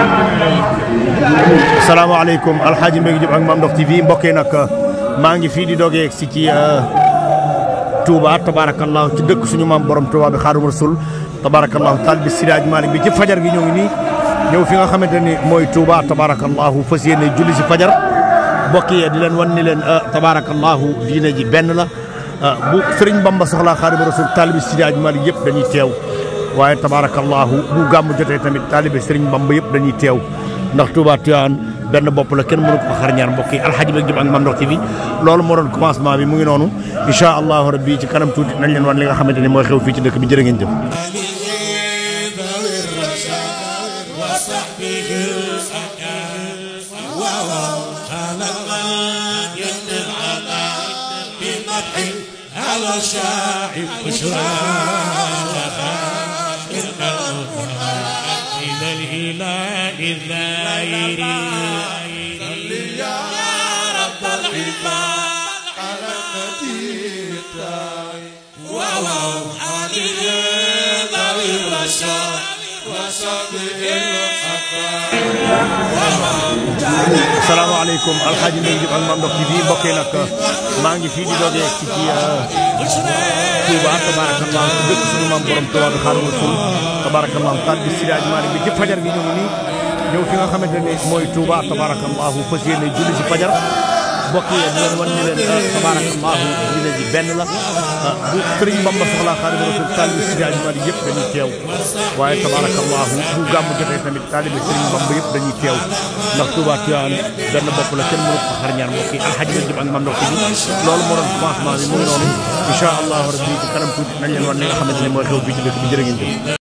salaam salaamaaleykum alxaaji Mbégi Diop ak Mame Ndokh TV mbokk yi nag maa ngi fii di doge si ci euh, Touba tabaarakallaahu ci dëkk suñu maam borom Touba bi Xaadimu Rasuul tabaarakallaahu taal bi Sidaaj Malick bi ci fajar gi ñoo ngi nii ñëw fi nga xamante ni mooy Touba tabaarakallaahu fas yéene juli si fajar mbokk yi di leen wan ni leen euh, tabaarakallaahu diine ji benn la euh, bu Sëriñ Bamba soxlaa Xaadimu Rasuul taal bi Sidaaj Malick yëpp dañuy teew. waaye tabaarakallaahu bu gàmm jotee tamit taalibe Sëriñ Bamba yëpp dañuy teew ndax Touba Tivaouane benn bopp la kenn mënu ko xar ñaar mbokk yi alxaji bi ak Mame Ndokh TV loolu moo doon commencement bi mu ngi noonu incha allahu rabbi ci kanam tuuti nañ leen wan li nga xamante ni mooy xew fii ci dëkk bi jërë ngeen jëf. الشاعر بشرى الإله إلا صل يا رب العباد على النبي واو عليه ذوي البشر وصدق الخطا واو salaamaaleykum alxaaji Mbaye Diop ak Mame Ndokh TV mbokk yi nag maa ngi fii di doge ci ci euh, Touba tabarakallah dëkk suñu maam borom Touba bi xaaral ma suul tabarakallah kàddu gi Sidi Hadj Malick bi ci fajar gi ñëw nii ñëw fi nga xamante ne mooy Touba tabarakallah fas yéene julli ci fajar. mbokk yi di leen wan ah, ni leen tabaarakallaahu dina ji benn la ah, bu sëriñ Bamba soxlaa xaadimu rasuul taalibi Seydi Hadji Malick yëpp dañuy teew waaye tabaarakallaahu bu gàmm jotee tamit taalibi sëriñ Bamba yëpp dañuy teew ndax Touba Tivaouane benn bopp la kenn mënu ko xar ñaar mbokk yi alxaji la jëm ak mam ndokk ji loolu moo doon commencement bi noonu incha allahu rabbi ci kanam tuuti nañ leen wan li nga xamante ne mooy xew bi